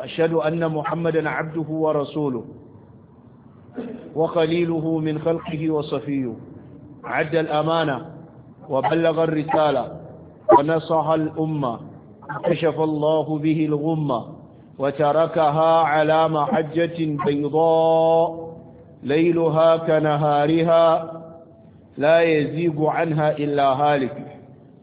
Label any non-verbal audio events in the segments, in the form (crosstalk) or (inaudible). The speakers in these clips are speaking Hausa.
وأشهد أن محمدا عبده ورسوله وخليله من خلقه وصفيه عد الأمانة وبلغ الرسالة ونصح الأمة كشف الله به الغمة وتركها على محجة بيضاء ليلها كنهارها لا يزيغ عنها إلا هالك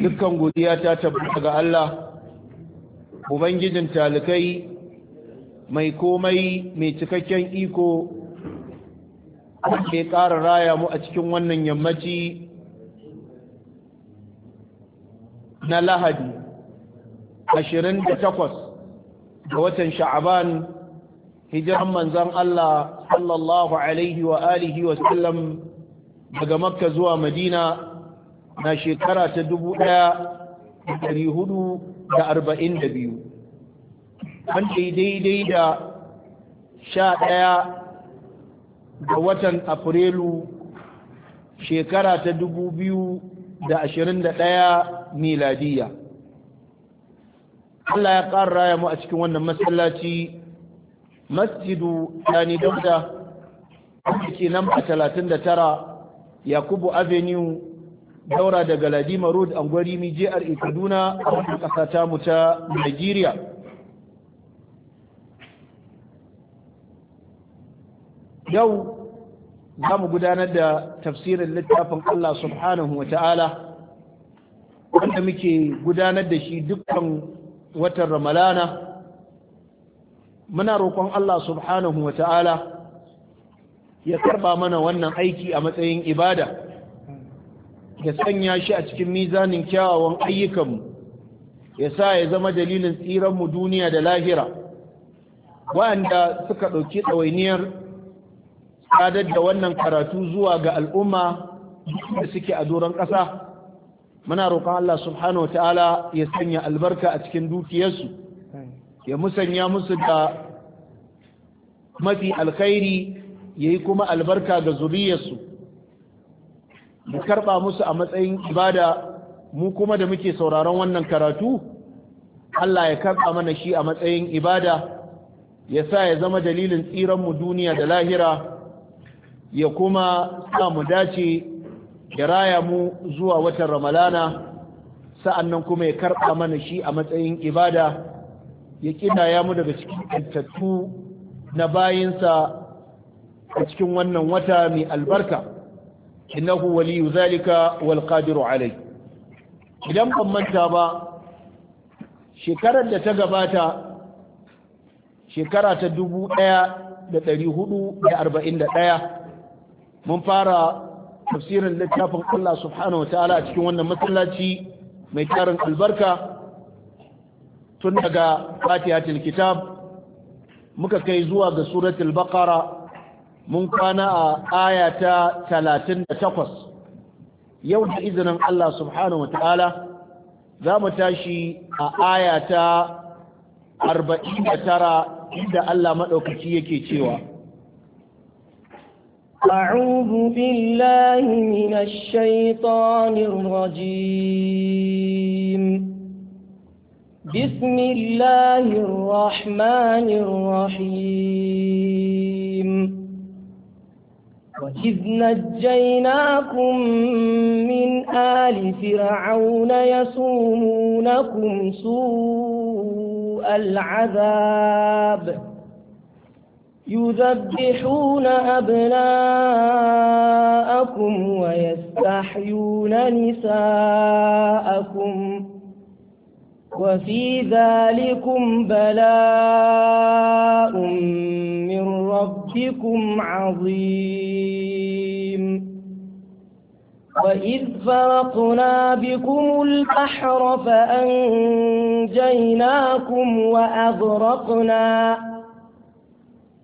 dukkan godiya ta tabbata ga Allah ubangijin talikai mai komai mai cikakken iko ke ƙara raya mu a cikin wannan yammaci na lahadi Ashirin da 28 ga watan sha'aban hijiran manzan Allah sallallahu alaihi wa alihi wa sallam daga makka zuwa madina na shekara ta dubu ɗaya ɗari hudu da arba'in da biyu wanda daidai da sha ɗaya ga watan afrilu shekara ta dubu biyu da ashirin da ɗaya miladiya Allah ya ƙara raya mu a cikin wannan masallaci masjidu ni dauda wanda ke nan ba talatin da tara yakubu avenue daura daga ladima road mi jr kaduna a wata ƙasa ta mu ta nigeria yau za mu gudanar da tafsirin littafin allah subhanahu wa ta'ala wanda muke gudanar da shi dukkan watan ramalana muna roƙon allah subhanahu wa ta'ala ya karba mana wannan aiki a matsayin ibada ya sanya shi a cikin mizanin kyawawan ayyukanmu ya sa ya zama dalilin tsiranmu duniya da lahira wanda suka ɗauki tsawainiyar sadar da wannan karatu zuwa ga al'umma da suke a doron ƙasa muna roƙon Allah subhanahu ta'ala ya sanya albarka a cikin dukiyarsu ya musanya musu da mafi alkhairi yayi kuma albarka ga zuriyarsu mu karba musu a matsayin ibada mu kuma da muke sauraron wannan karatu Allah ya karba mana shi a matsayin ibada ya sa ya zama dalilin tsiran mu duniya da lahira ya kuma sa mu dace ya raya mu zuwa watan ramalana sa'annan kuma ya karɓa mana shi a matsayin ibada ya ƙidaya mu daga cikin tattattu na bayinsa a cikin wannan wata mai albarka innahu waliyu zalika wal qadiru alai idan ban manta ba shekarar da ta gabata shekara ta dubu ɗaya da ɗari huɗu da arba'in da ɗaya mun fara tafsirin littafin Allah subhanahu ta'ala a cikin wannan masallaci mai tarin albarka tun daga fatihatul kitab muka kai zuwa ga suratul baqara mun kwana a aya ta 38 yau da izinin Allah subhanahu wataala za mu tashi a aya ta 49 inda Allah maɗaukaci yake cewa أعوذ بالله من الشيطان الرجيم بسم الله الرحمن الرحيم وإذ نجيناكم من آل فرعون يسومونكم سوء العذاب يذبحون أبناءكم ويستحيون نساءكم وفي ذلكم بلاء من ربكم ربكم عظيم وإذ فرقنا بكم البحر فأنجيناكم وأغرقنا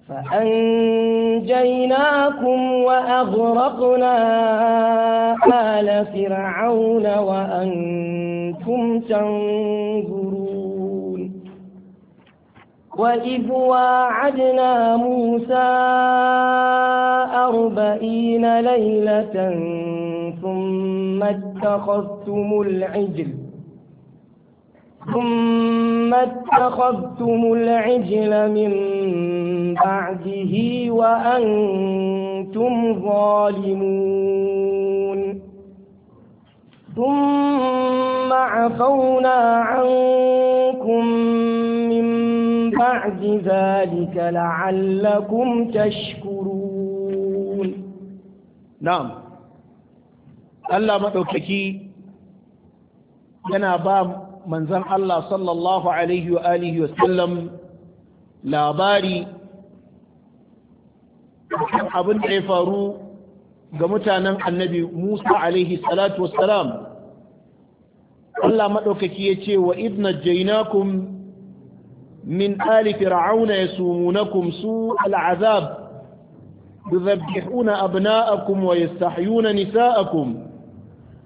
فأنجيناكم وأغرقنا آل فرعون وأنتم تنظرون وإذ واعدنا موسى أربعين ليلة ثم اتخذتم العجل ثم اتخذتم العجل من بعده وأنتم ظالمون ثم عفونا عنكم بعد ذلك لعلكم تشكرون نعم الله مدوكي yana ba manzan Allah sallallahu alaihi wa alihi wa sallam labari abin da ya faru ga mutanen annabi Musa alaihi salatu wassalam Allah maɗaukaki ya ce wa idna jainakum من آل فرعون يسومونكم سوء العذاب يذبحون أبناءكم ويستحيون نساءكم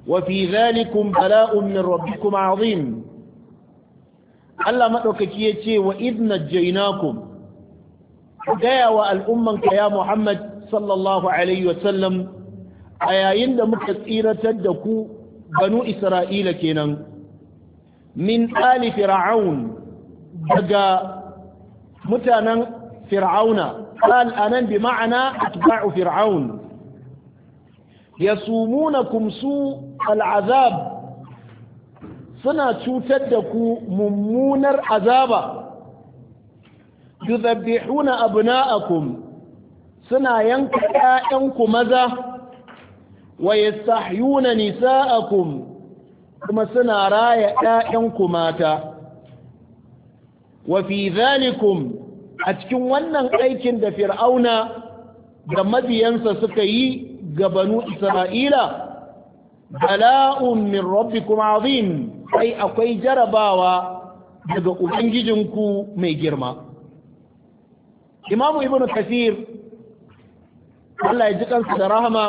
وفي ذلكم بلاء من ربكم عظيم الله مدوكي يتي وإذ نجيناكم gaya wa al'ummanka ya Muhammad sallallahu Alaihi wasallam a yayin da muka tsiratar da ku banu Isra'ila kenan min ali fir'aun daga mutanen fir'auna qal anan bi ma'ana atba'u fir'aun yasumunakum su al'azab suna cutar da ku mummunar azaba yuzabbihuna abna'akum suna yanka ƴaƴanku maza wa yastahyuna nisa'akum kuma suna raya ƴaƴanku mata wa zalikum a cikin wannan aikin da fir'auna da mabiyansa suka yi ga banu isra'ila bala'un min rabbikum azim ai akwai jarabawa daga ubangijinku mai girma imamu ibnu kasir Allah ya ji kansa da rahama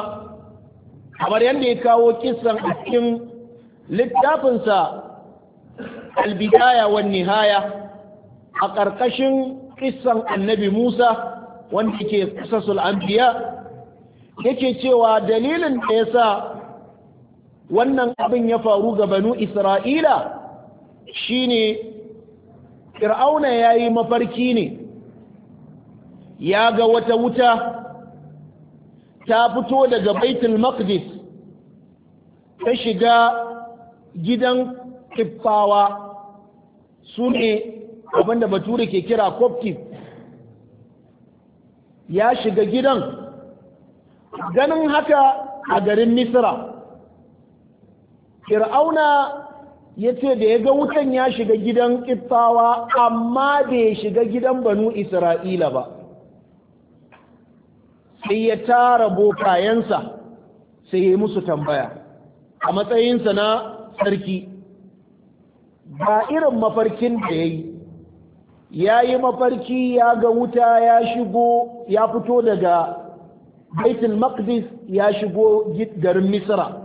kamar yadda ya kawo kisan a cikin littafinsa albidaya wa nihaya a ƙarƙashin ƙisan annabi Musa wanda ke ƙasasul anbiya yake cewa dalilin da ya sa wannan abin ya faru ga banu Isra'ila shi ne. fir'auna ya yi mafarki ne ya ga wata wuta ta fito daga baitul maqdis ta shiga gidan kiffawa su ne abinda bature ke kira coptic ya shiga gidan ganin haka a garin misra fir'auna ya ce da ya ga wutan ya shiga gidan ƙittawa amma bai shiga gidan banu isra'ila ba sai ya tara bokayensa sai ya musu tambaya a matsayinsa na sarki ba irin mafarkin da ya yi ya yi mafarki ya ga wuta ya shigo ya fito daga baitul maqdis ya shigo garin misra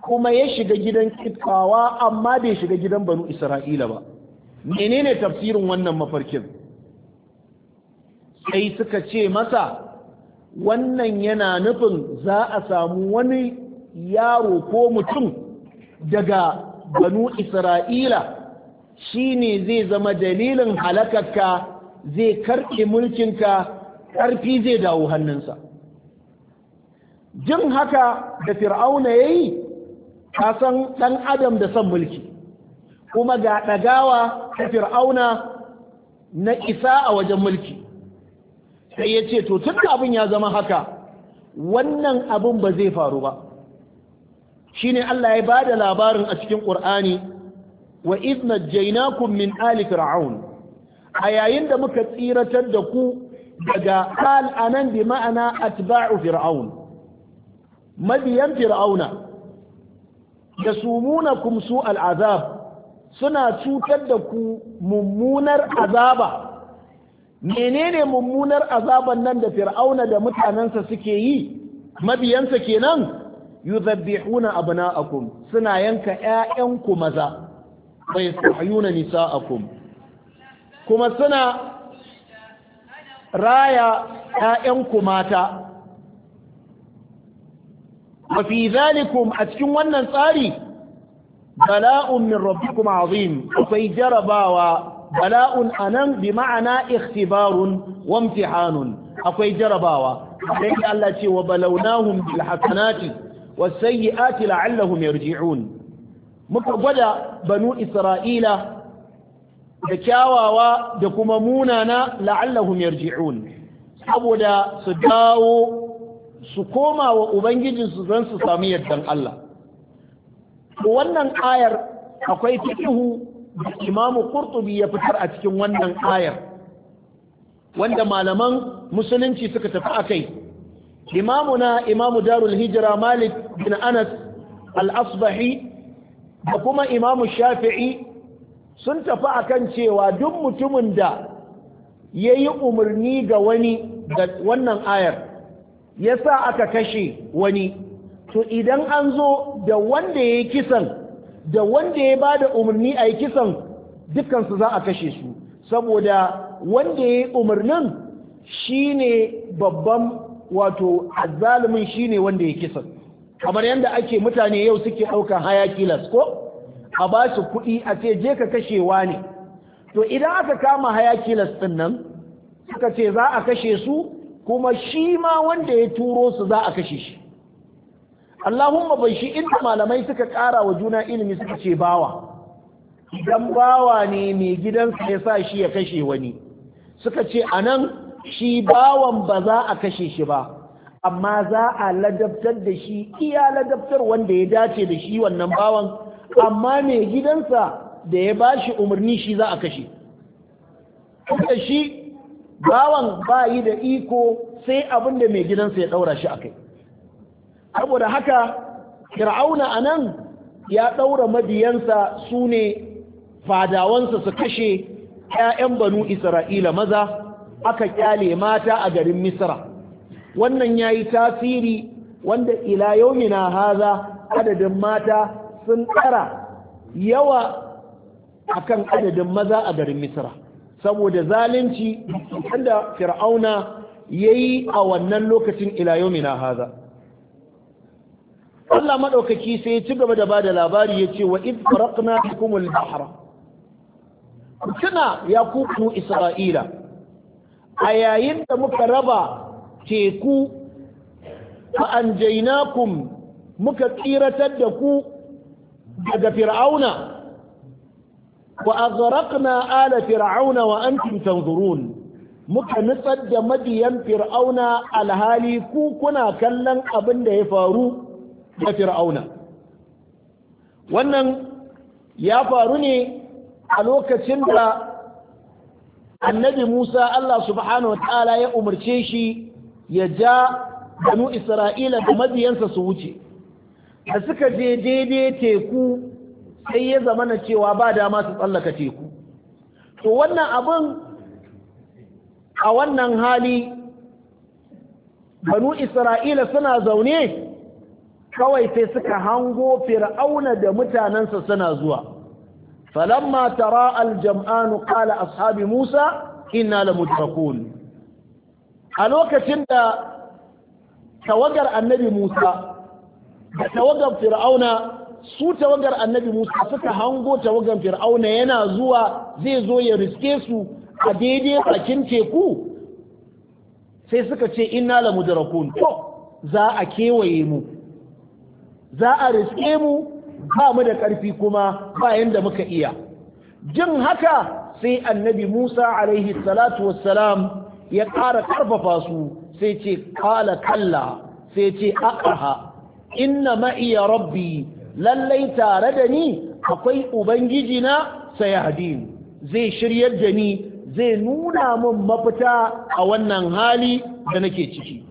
kuma ya shiga gidan kitkawa amma bai shiga gidan banu isra'ila ba menene tafsirin wannan mafarkin sai suka ce masa wannan yana nufin za a samu wani yaro ko mutum daga banu isra'ila Shi ne zai zama dalilin halakarka zai mulkin mulkinka ƙarfi zai dawo hannunsa jin haka da fir'auna ya yi kasan ɗan adam da son mulki kuma ga ɗagawa ta fir'auna na isa a wajen mulki sai ya ce to tun abin ya zama haka wannan abin ba zai faru ba shine Allah ya bada labarin a cikin ƙur'ani wa idh najaynakum min ali fir'aun a yayin da muka tsiratar da ku daga qal anan bi ma'ana atba'u fir'aun mabiyan fir'auna yasumunakum su'al al'azab suna cutar da ku mummunar azaba menene mummunar azaban nan da fir'auna da mutanensa suke yi mabiyansa kenan yuzabbihuna abna'akum suna yanka 'yayanku maza bai hayuna nisa'akum kuma suna raya ‘ya'yanku mata mafi zalikum a cikin wannan tsari bala'un min rabbikum azim akwai jarabawa bala'un anan bi ma'ana ikhtibarun wa imtihanun akwai jarabawa sai Allah ce wa balawnahum bil hasanati was sayyi'ati la'allahum yarji'un muka gwada banu isra'ila da kyawawa da kuma munana la'allahum yarji'un saboda su dawo su koma wa ubangijinsu zan su sami yardan Allah wannan ayar akwai fikihu da imamu qurtubi ya fitar a cikin wannan ayar wanda malaman musulunci suka tafi akai imamuna imamu darul hijira malik bin anas al-asbahi da kuma imamu shafi'i sun tafi akan cewa duk mutumin da ya yi umarni ga wani da wannan ayar ya sa aka kashe wani to idan an zo da wanda ya yi kisan da wanda ya ba da umarni a yi kisan dukansu za a kashe su saboda wanda ya yi umarnin shi babban wato azzalumin shi ne wanda ya kisan kamar yadda ake mutane yau suke ɗaukar hayakilas kilas ko a ba su kuɗi a ce je ka kashewa ne to idan aka kama hayakilas kilas ɗin nan suka ce za a kashe su kuma shi ma wanda ya turo su za a kashe shi Allahumma bai shi inda malamai suka ƙara wa juna ilimi suka ce bawa idan bawa ne mai gidansa ya sa shi ya kashe wani suka ce a nan shi bawan ba za a kashe shi ba amma za a ladabtar da shi iya ladabtar wanda ya dace da shi wannan bawan amma mai gidansa da ya ba shi umarni shi za a kashe da shi bawan ba yi da iko sai abin da mai gidansa ya ɗaura shi a kai saboda haka fir'auna a nan ya ɗaura mabiyansa su ne fadawansa su kashe 'ya'yan banu isra'ila maza aka kyale mata a garin misra wannan ya yi tasiri wanda ila yaumina haza adadin mata sun tsara yawa akan adadin maza a garin misra saboda zalunci wanda fir'auna ya yi a wannan lokacin ila yaumina haza Allah maɗaukaki sai ya ci gaba da ba da labari ya ce wa id faraqna bikum al-bahra kuna ya ku isra'ila a yayin da muka raba teku fa'an jainakun muka tsiratar da ku daga fir'auna wa azraqna ala fir'auna wa antum tanzurun muka nutsar da madiyan fir'auna alhali ku kuna kallon abin da ya faru da fir'auna wannan ya faru ne a lokacin da annabi musa allah subhanahu wa ta'ala ya umarce shi ya ja banu isra'ila da mabiyansa su wuce da suka je daidai teku sai ya zama na cewa ba dama su tsallaka teku to wannan abin a wannan hali banu isra'ila suna zaune kawai sai suka hango fir'auna da mutanensa suna zuwa falamma tara aljam'anu qala ashabi musa inna lamudrakun a lokacin da tawagar annabi musa da tawagar fir'auna su tawagar annabi musa suka hango tawagar fir'auna yana zuwa zai zo ya riske su a daidai bakin teku sai suka ce inna la mudrakun to za a kewaye mu za a riske mu ba mu da ƙarfi kuma ba yanda muka iya jin haka sai annabi musa alaihi salatu wassalam ya ƙara ƙarfafa su sai ce kala kalla sai ce aqaha inna ma'iya rabbi lallai tare da ni akwai ubangiji na sayahdin zai shiryar da ni zai nuna min mafita a wannan hali da nake ciki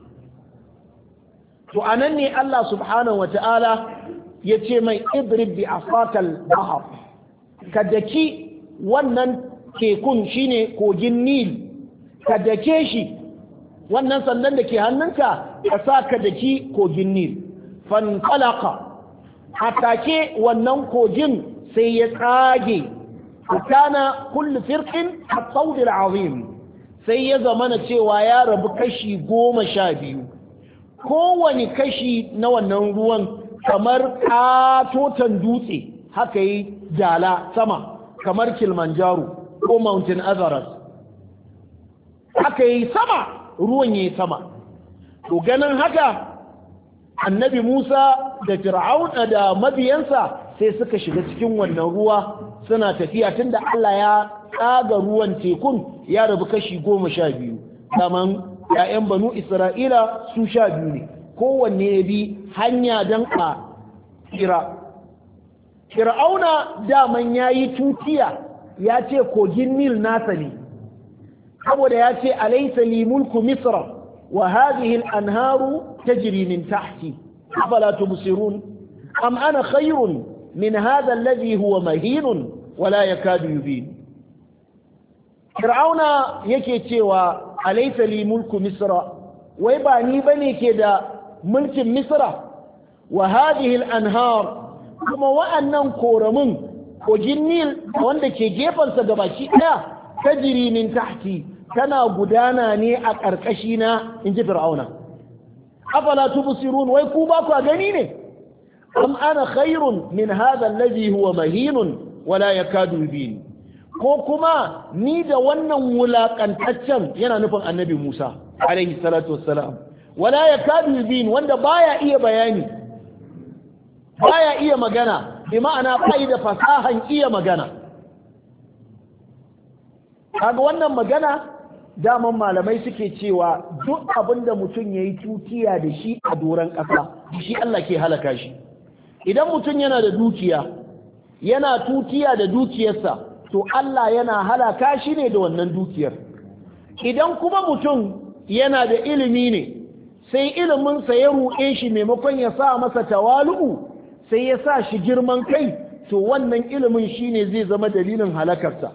to anan ne Allah subhanahu wata'ala ya ce mai idrib bi Afakal bahar ka daki wannan tekun shine kogin nil ka dake shi wannan sandan da ke hannunka ka sa ka daki kogin nil A atake wannan kogin sai ya tsage kana kullu firqin at-tawd azim sai ya zamana cewa ya rabu kashi goma sha biyu kowane kashi na wannan ruwan kamar katotan dutse haka yi dala sama kamar kilimanjaro ko mountain everest aka yi sama ruwan ya yi sama to ganin haka annabi musa da fir'auna da mabiyansa sai suka shiga cikin wannan ruwa suna tafiya tunda allah ya tsaga ruwan tekun ya rabu kashi goma sha biyu ya'yan banu isra'ila su sha biyu ne kowanne ya bi hanya don a kira fir'auna daman ya yi tutiya ya ce kogin nil nasa ne saboda ya ce alaysa li mulku misra wa hadhihi al-anharu tajri min tahti afala tubsirun am ana khayrun min hadha alladhi huwa mahin wa la yakadu yubin fir'auna yake cewa alaysa li mulku misra wai ba ni bane ke da mulkin misra wa hadhihi al-anhar kuma wa'annan koramin kogin nil wanda ke gefansa gabaki daya tajri min tahti tana gudana ne a ƙarƙashi na in ji fir'auna afala tubsirun wai ku ba ku gani ne am ana khairun min hadha alladhi huwa mahinun wala yakadu yubin ko kuma ni da wannan wulakantaccen yana nufin annabi Musa alaihi salatu wassalam wala yakadu yubin wanda baya iya bayani baya iya magana bi ma'ana bai da fasahan iya magana kaga wannan magana daman malamai suke cewa duk abin da mutum ya yi tutiya da shi a doron ƙasa shi Allah ke halaka shi idan mutum yana da dukiya yana tutiya da dukiyarsa to Allah yana halaka shi ne da wannan dukiyar idan kuma mutum yana da ilimi ne sai iliminsa ya ruɗe shi maimakon ya sa masa tawalu'u sai ya sa shi girman kai to wannan ilimin shine zai zama dalilin halakarsa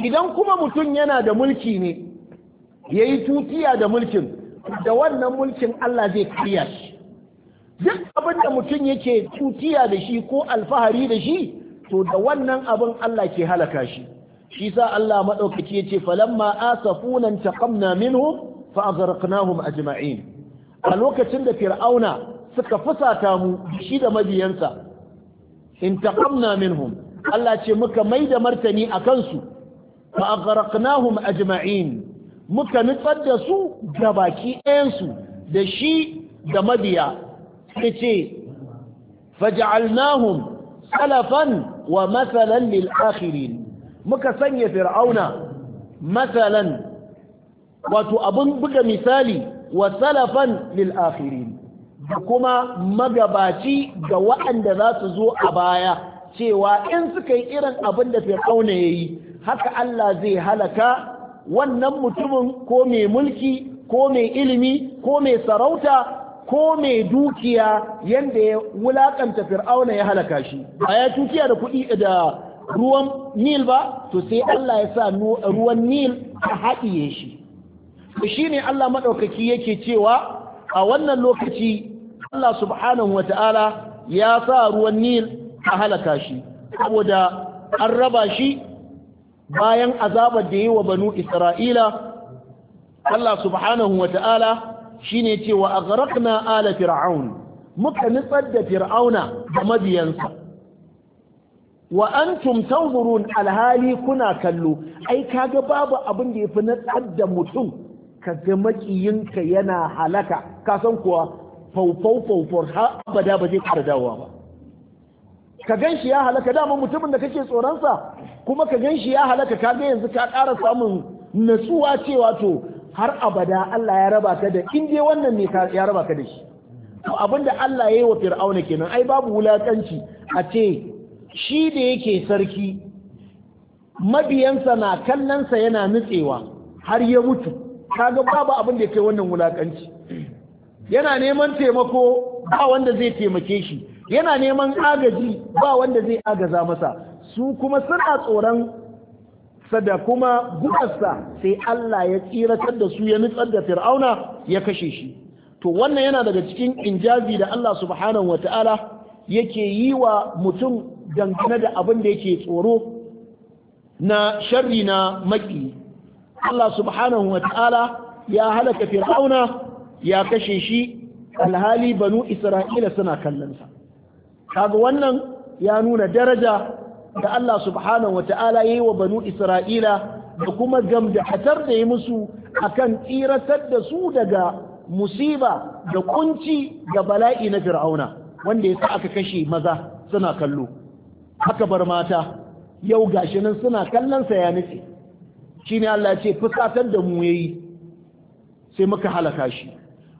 idan kuma mutum yana da mulki ne ya yi tutiya da mulkin da wannan mulkin Allah zai karya shi duk abin da mutum yake tutiya da shi ko alfahari da shi to da wannan abin Allah ke halaka shi shi sa Allah maɗaukaki ya ce falamma asafunan taqamna minhum fa aghraqnahum ajma'in a lokacin da fir'auna suka fusata mu shi da mabiyansa in taqamna minhum Allah ce muka mai da martani a kansu fa aghraqnahum ajma'in muka nutsar da su ga baki ɗayansu da shi da mabiya sai ce faj'alnahum salafan wa matsalan lil muka sanya fir'auna matsalan wato abun buga misali wa salafan lil da kuma magabaci ga waɗanda za su zo a baya cewa in suka yi irin abin da fir'auna ya yi haka Allah zai halaka wannan mutumin ko mai mulki ko mai ilimi ko mai sarauta ko mai dukiya yanda ya wulakanta fir'auna ya halaka shi ba ya tukiya da kuɗi da ruwan nil ba to sai Allah ya sa ruwan nil a haɗiye shi shi ne Allah maɗaukaki yake cewa a wannan lokaci Allah subhanahu wa ta'ala ya sa ruwan nil a halaka shi saboda an raba shi bayan azabar da yi wa banu isra'ila Allah subhanahu wa ta'ala shi ne cewa a na ala fir'aun muka nitsar da fir'auna da mabiyansa wa antum tanzurun alhali kuna kallo ai kaga babu abin da yafi natsar da mutum Ka ga makiyinka yana halaka kasan kuwa faufau faufau har abada ba zai dawowa ba ka gan shi ya halaka dama mutumin da kake tsoronsa kuma ka gan shi ya halaka ka ga yanzu ka ƙara samun natsuwa cewa to har abada Allah ya raba ka da in dai wannan ne ya raba ka da shi to abinda Allah ya yi wa fir'auna kenan ai babu wulakanci a ce shi da yake sarki mabiyansa na kallonsa yana nutsewa har ya mutu kaga babu abin da ya kai wannan wulakanci yana neman taimako ba wanda zai taimake shi yana neman agaji ba wanda zai agaza masa su kuma suna tsoron sa da kuma gubarsa sai Allah ya tsiratar da su ya nutsar da fir'auna ya kashe shi to wannan yana daga cikin injazi da Allah subhanahu Ta'ala yake yi wa mutum dangane da abin da yake tsoro na sharri na maki Allah subhanahu Ta'ala ya halaka fir'auna ya kashe shi alhali banu isra'ila suna kallonsa kaga wannan ya nuna daraja da Allah subhanahu wata'ala ya yi wa banu Isra'ila da kuma gamdahatar da ya musu akan tsiratar da su daga musiba da kunci da bala'i na fir'auna wanda ya sa aka kashe maza suna kallo Haka bar mata yau gashi nan suna kallon sa ya nufi ne Allah ya ce fusatar da mu yayi sai muka halaka shi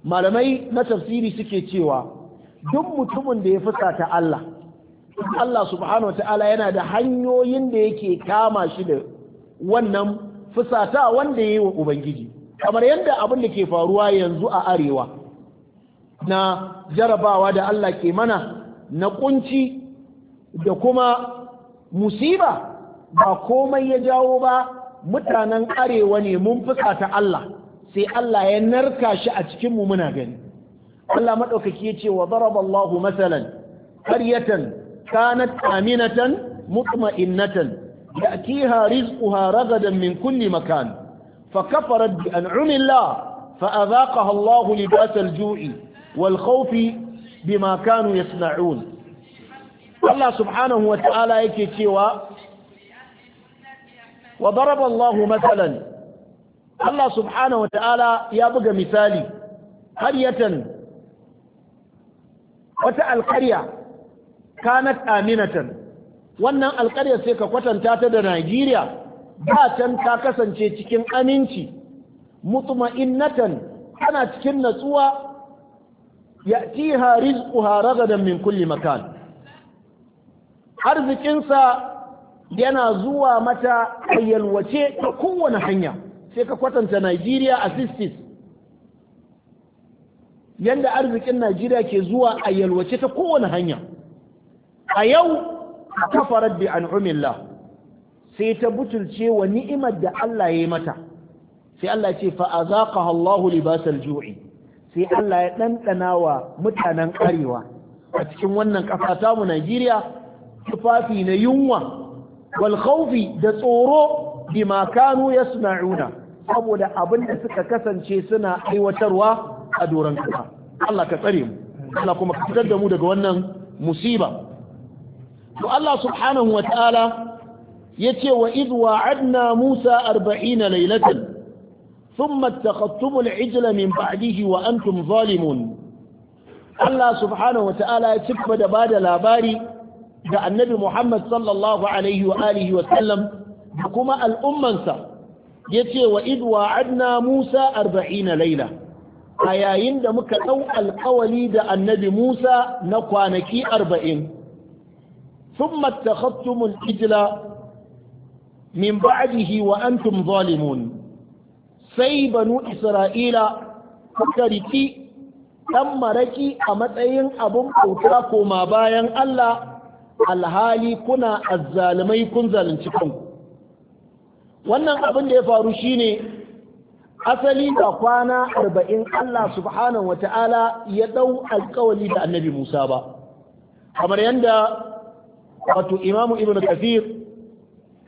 malamai na tafsiri suke cewa duk mutumin da ya fusata Allah Allah subhanahu wa ta'ala yana da hanyoyin da yake kama shi da wannan fusata wanda ya yi wa Ubangiji kamar yadda abin da ke faruwa yanzu a arewa na jarabawa da Allah ke mana na kunci da kuma musiba ba komai ya jawo ba mutanen arewa ne mun fusata Allah sai Allah ya narka shi a cikinmu muna gani Allah madaukaki yace wa daraballahu masalan qaryatan kanat aminatan mutma'innatan ya'tiha rizquha ragadan min kulli makan فكفرت بأنعم الله فأذاقها الله لباس الجوع والخوف بما كانوا يصنعون الله سبحانه وتعالى yake cewa وضرب الله مثلا الله سبحانه وتعالى يا بغى مثالي قرية wata alƙarya kanat aminatan wannan alƙarya sai ka kwatanta ta da Najeriya ba can ta kasance cikin aminci mutma'innatan tana cikin natsuwa Ya ya'tiha rizquha ragadan min kulli makan arzikinsa yana zuwa mata ayyalwace ta kowane hanya sai ka kwatanta Najeriya a yadda arzikin najeriya ke zuwa a yalwace ta kowane hanya a yau kafarar bi an'umillah sai ta butulce wa ni'imar da Allah ya yi mata sai Allah ce fa'azaqaha Allahu libasar ju'i sai Allah ya ɗanɗana wa mutanen ƙarewa a cikin wannan ƙasa ta mu Najeriya tufafi na yunwa wal khawfi da tsoro ya suna yasna'una saboda abin da suka kasance suna aiwatarwa a doron kasa Allah ka tsare mu Allah kuma ka fitar da mu daga wannan musiba to Allah subhanahu wa ta'ala yace wa id wa'adna Musa 40 laylatan thumma attakhadtum al-ijla min ba'dihi wa antum zalimun Allah subhanahu wa ta'ala ya cika da bada labari da annabi Muhammad sallallahu alaihi wa alihi wa sallam da kuma al'ummansa yace wa id wa'adna Musa 40 layla a yayin da muka ɗau alkawali da annabi Musa na kwanaki arba'in sun matakhattumul ijila min ba'dihi wa antum zalimun sai banu isra'ila suka riki ɗan maraki a matsayin abin kauta koma bayan Allah alhali kuna azzalumai kun zalunci kanku wannan abin da ya faru shine asali da kwana arba'in Allah subhanahu wa ta'ala ya ɗau alkawali da annabi Musa ba kamar yadda wato imamu ibn kafir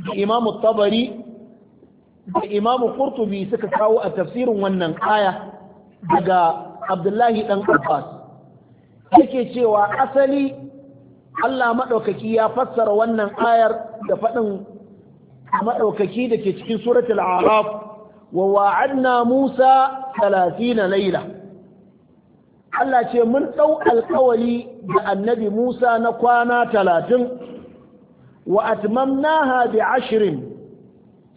da imamu tabari da imamu qurtubi suka kawo a tafsirin wannan aya daga abdullahi dan abbas yake cewa asali Allah maɗaukaki ya fassara wannan ayar da faɗin maɗaukaki da ke cikin suratul araf wa wa'adna Musa 30 laila Allah ce mun dau alkawali da annabi Musa na kwana talatin. wa atmamnaha bi ashirin,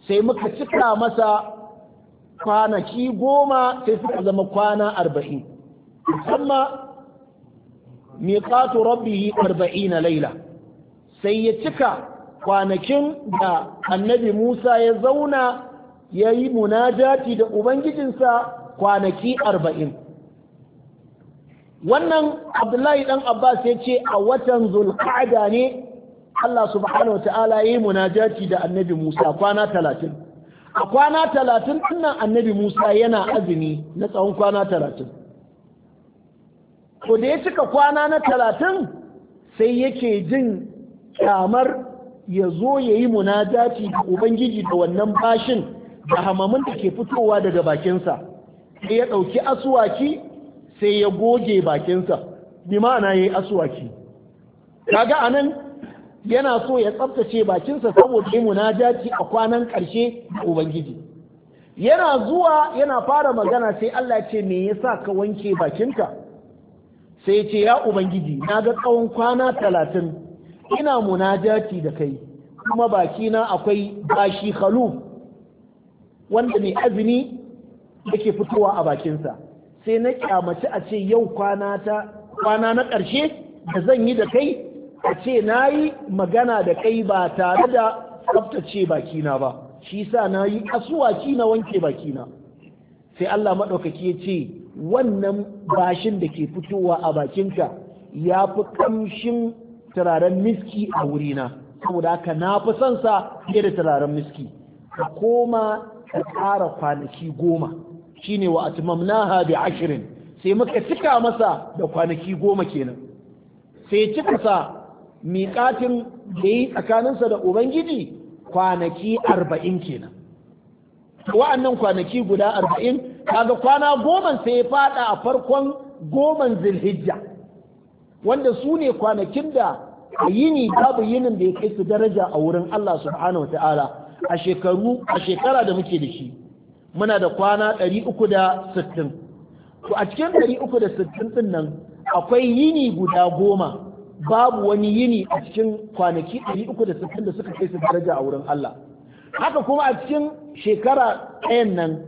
sai muka cika masa kwanaki goma sai suka zama kwana 40 amma rabi rabbih na laila sai ya cika kwanakin da annabi Musa ya zauna Yayi yi munajati da ubangijinsa kwanaki arba'in wannan abdullahi dan abbas ya ce a watan zulqa'da ne allah subhanahu wa ta'ala ya munajati da annabi musa kwana talatin a kwana talatin dinnan annabi musa yana azumi na tsawon kwana talatin ko da ya cika kwana na talatin sai yake jin kyamar ya zo ya yi munajati da ubangiji da wannan bashin da da ke fitowa daga bakinsa sai ya ɗauki asuwaki sai ya goge bakinsa bi ma'ana ya yi asuwaki kaga anan yana so ya tsabtace bakinsa saboda yi munajati a kwanan ƙarshe da ubangiji yana zuwa yana fara magana sai Allah ce me yasa ka wanke bakinka sai ce ya ubangiji na ga tsawon kwana talatin ina munajati da kai kuma bakina akwai bashi khaluf wanda mai azumi yake fitowa a bakinsa sai na kyamaci a ce yau kwana na ƙarshe da zan yi da kai a ce na yi magana da kai ba tare da tsabtace bakina ba shi sa na yi asuwaki na wanke bakina sai Allah maɗaukaki ya ce wannan bashin da ke fitowa a bakinka ya fi ƙamshin turaren miski a wurina saboda haka na fi son sa fiye da turaren miski ka koma ka ƙara kwanaki goma shine wa atmamnaha bi ashirin sai muka cika masa da kwanaki goma kenan sai cika sa miƙatin da yi tsakaninsa da ubangiji kwanaki arba'in kenan wa'annan kwanaki guda arba'in kaga kwana goma sai ya fada a farkon goman zilhijja wanda su ne kwanakin da a yini babu yinin da ya kai su daraja a wurin Allah subhanahu wa ta'ala a shekaru a shekara da muke da shi muna da kwana 360 to a cikin 360 din nan akwai yini guda goma babu wani yini a cikin kwanaki 360 da suka kai su daraja a wurin Allah haka kuma a cikin shekara ɗayan nan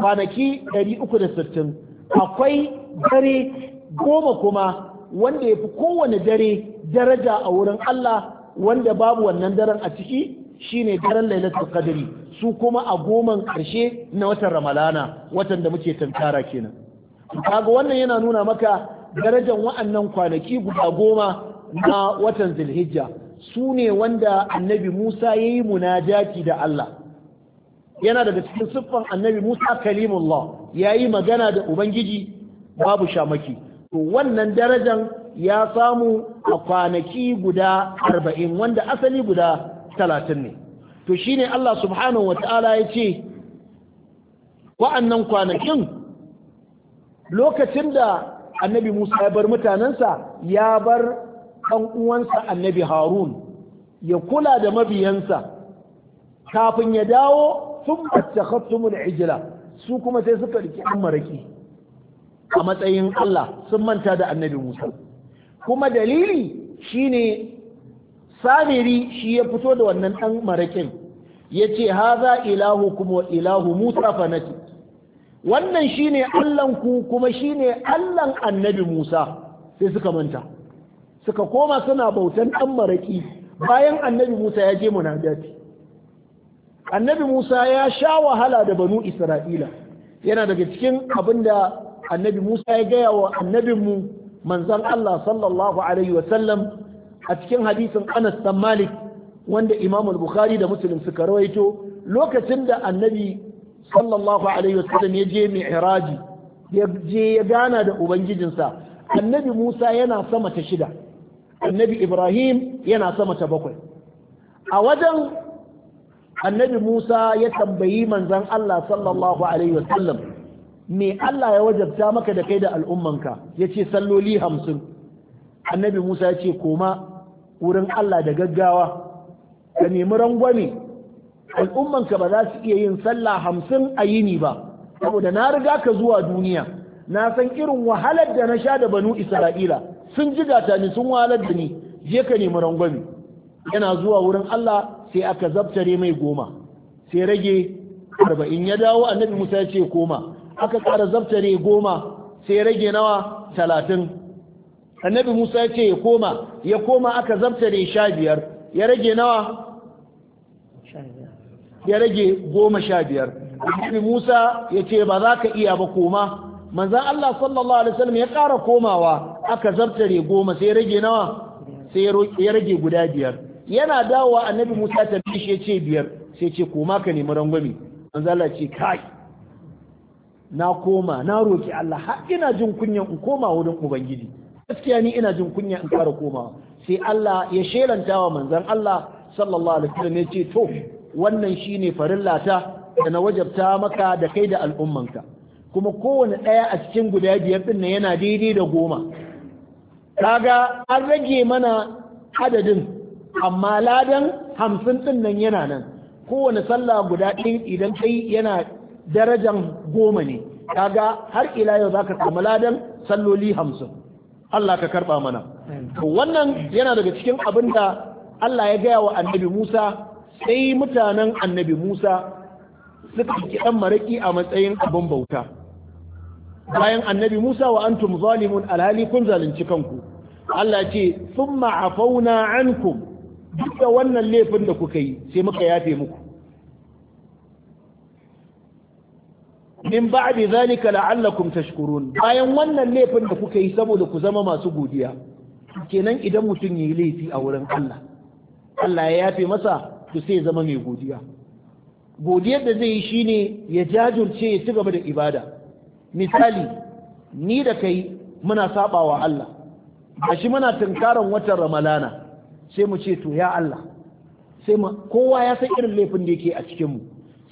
kwanaki 360 akwai dare goma kuma wanda ya fi kowane dare daraja a wurin Allah wanda babu wannan daren a ciki shine daren lailatul qadri su kuma a goman karshe na watan ramalana watan da muke tantara kenan kaga wannan yana nuna maka darajar wa'annan kwanaki guda goma na watan zulhijja su ne wanda annabi musa ya yi munajati da allah yana daga cikin siffan annabi musa kalimullah ya yi magana da ubangiji babu shamaki to wannan darajan ya samu a kwanaki guda arba'in wanda asali guda talatin ne to shine Allah subhanahu wa ta'ala ya ce wa'annan kwanakin lokacin da annabi Musa ya bar mutanensa ya bar ɗan uwansa annabi Harun ya kula da mabiyansa kafin ya dawo sun matakhattumul ijila su kuma sai suka riki an maraki a matsayin Allah sun manta da annabi Musa kuma dalili shine samiri shi ya fito da wannan ɗan marakin ya ce haza ilahu kuma wa ilahu musa fanati wannan shine ku kuma shine allan annabi musa sai suka manta suka koma suna bautan ɗan maraƙi bayan annabi musa ya je munajati annabi musa ya sha wahala da banu isra'ila yana daga cikin abin da annabi musa ya gaya wa annabinmu manzon allah sallallahu alaihi wasallam a cikin hadisin Anas dan Malik wanda Imam Bukhari da Muslim suka rawaito lokacin da Annabi sallallahu alaihi wasallam ya je mi'raji ya je ya gana da ubangijinsa Annabi Musa yana sama ta shida Annabi Ibrahim yana sama ta bakwai a wajen Annabi Musa ya tambayi manzon Allah sallallahu alaihi wasallam me Allah ya wajabta maka da kai da al'ummanka yace salloli hamsin annabi Musa ya ce koma wurin Allah da gaggawa ka nemi rangwame al'ummanka ba za su iya yin sallah hamsin a yini ba saboda na riga ka zuwa duniya na san irin wahalar da na sha da banu isra'ila sun jigata ni sun wahalar da ni je ka nemi rangwame yana zuwa wurin Allah sai aka zabtare mai goma sai rage arba'in ya dawo annabi musa ya ce koma aka ƙara zabtare goma sai rage nawa talatin annabi musa ya ce ya koma ya koma aka zartare sha biyar ya rage nawa ya rage goma sha biyar annabi musa ya ce ba za ka iya ba koma manzan allah sallallahu alaihi wasallam ya ƙara komawa aka zartare goma sai rage nawa sai ya rage guda biyar yana dawowa annabi musa ta bishi ya ce biyar sai ce koma ka nemi rangwami manzan allah ce kai na koma na roki allah har ina jin kunyan in koma wurin ubangiji gaskiya ni ina jin kunya in fara komawa sai Allah ya shelanta wa manzon Allah sallallahu alaihi wasallam ya ce to wannan shine farillata da na wajabta maka da kai da al'ummanka kuma kowane ɗaya a cikin guda biyar ɗin yana daidai da goma kaga an rage mana adadin amma ladan hamsin ɗin nan yana nan kowane sallah guda ɗin idan kai yana darajan goma ne kaga har ila yau zaka samu ladan salloli hamsin Allah ka karɓa mana wannan yana daga cikin abin da Allah ya gaya wa annabi Musa sai mutanen annabi Musa suka ki dan maraki a matsayin abin bauta bayan annabi Musa wa antum zalimun alhali kun zalunci kanku Allah ce summa afauna ankum duk da wannan laifin da kuka yi sai muka yafe muku min ba'di zalika la'allakum tashkurun bayan wannan laifin da kuka yi saboda ku zama masu godiya kenan idan mutum yayi laifi a wurin Allah Allah ya yafe masa to sai zama mai godiya godiyar da zai yi shine ya jajirce ya ci gaba da ibada misali ni da kai muna sabawa Allah shi muna tunkaran watan Ramalana sai mu ce to ya Allah sai kowa ya san irin laifin da yake a cikin mu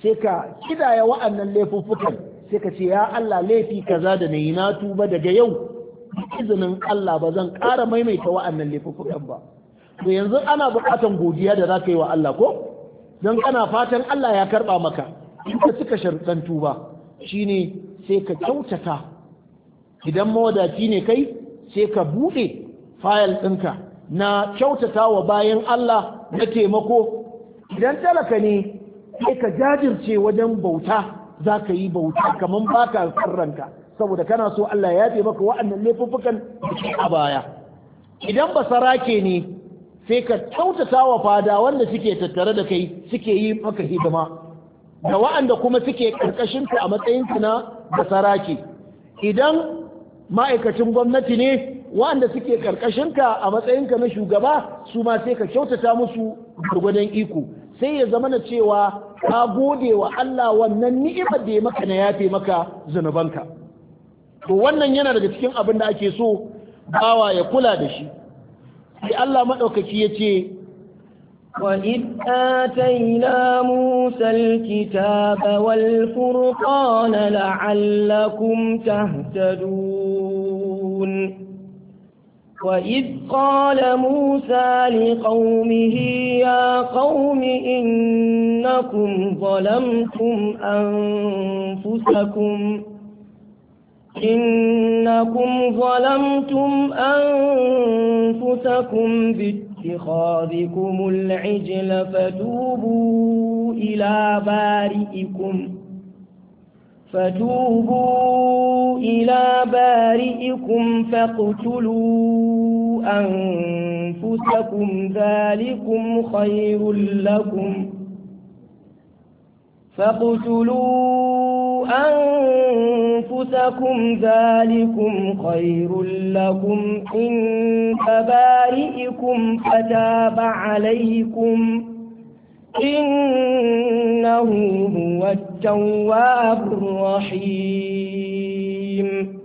sai ka kidaya wa'annan laifuffukan sai ka ce ya Allah laifi kaza da nayi na tuba daga yau izinin Allah ba zan ƙara maimaita wa'annan laifuffukan ba to yanzu ana buƙatan godiya da zaka yi wa Allah ko dan kana fatan Allah ya karɓa maka in ka cika sharuɗan tuba shine sai ka kyautata idan mawadaci ne kai sai ka buɗe fayil ɗinka na kyautata wa bayan Allah na taimako idan talaka ne sai ka jajirce wajen bauta za ka yi bauta kamar ba ka ranka saboda kana so Allah ya ce maka wa'annan laifuffukan a baya idan ba sarake ne sai ka kyautata wa fada wanda suke tattare da kai suke yi maka hidima da wa'anda kuma suke karkashin ka a matsayin na basarake idan ma'aikacin gwamnati ne wa'anda suke karkashin ka a matsayin ka na shugaba su ma sai ka kyautata musu gwargwadon iko sai ya zama na cewa ka gode wa Allah wannan ni'imar da ya maka na yafe maka zunubanka to wannan yana daga cikin abin da ake so bawa ya kula da shi sai Allah maɗaukaki ya ce وإذ آتينا موسى الكتاب والفرقان لعلكم تهتدون وإذ قال موسى لقومه يا قوم إنكم ظلمتم أنفسكم إنكم ظلمتم أنفسكم باتخاذكم العجل فتوبوا إلى بارئكم فتوبوا إلى بارئكم فاقتلوا أنفسكم ذلكم خير لكم فاقتلوا أنفسكم ذلكم خير لكم عند بارئكم فتاب عليكم إنه هو التواب الرحيم